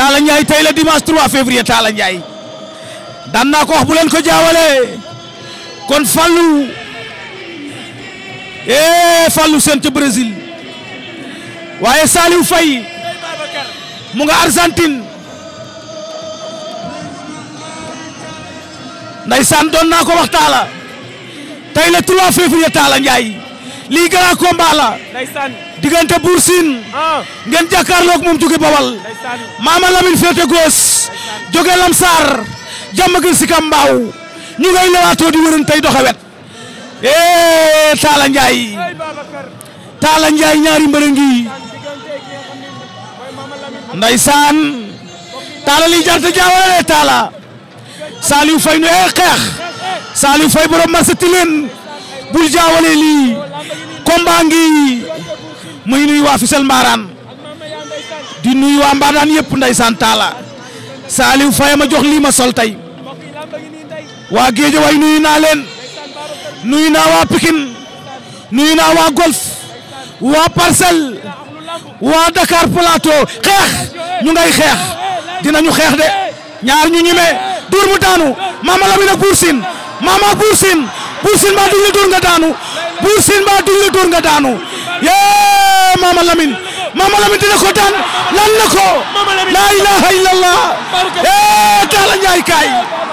Talla Ndiaye tey la dimanche 3 février Talla Ndiaye daan naa ko wax bu ko jaawalee kon Fallou eh Fallou seen ca Brésil waaye Saliou Faye mu nga Argentine ndeysaan doon naa ko wax Talla tey la 3 février Talla Ndiaye. lii grand combat la. ndeysaan diggante Bour Sine. Ah. ngeen jàkkaarloog moom jóge Bawal. ndeysaan Mama Lamine féete gos. jóge Lamsar. gën si Kambaaw. ñu ngay lewaatoo di wërën tey doxe wet. eh Talla Ndiaye. Talla ñaari mbërë ngi. ndeysaan. Talla lii jant jaawale Talla. Saliou Faye nu eh xeex. Saliou Faye borom marché Tilène. bul jaawale lii combat ngi muy nuyu waa Fissel Mbaraan di nuyu waa Mbaraan yëpp ndeysaan taala Saliou Faye ma jox lii ma sol tey waa géej way nuyu naa leen nuyu naa waa Pikine nuyu naa waa Golf waa Parcelles waa Dakar Plateau xeex ñu ngay xeex dinañu xeex de ñaar ñu ñime duur mu daanu Mama Lamine ak Bour Sine Mama Bour Sine Buur Sine Ba duñ la dóor daanu Buur Sine Ba duñ la daanu yee Mama Lamine Mama Lamine dina ko daan lan ko. la ilaha illallah yee Talla Ndiaye kaay.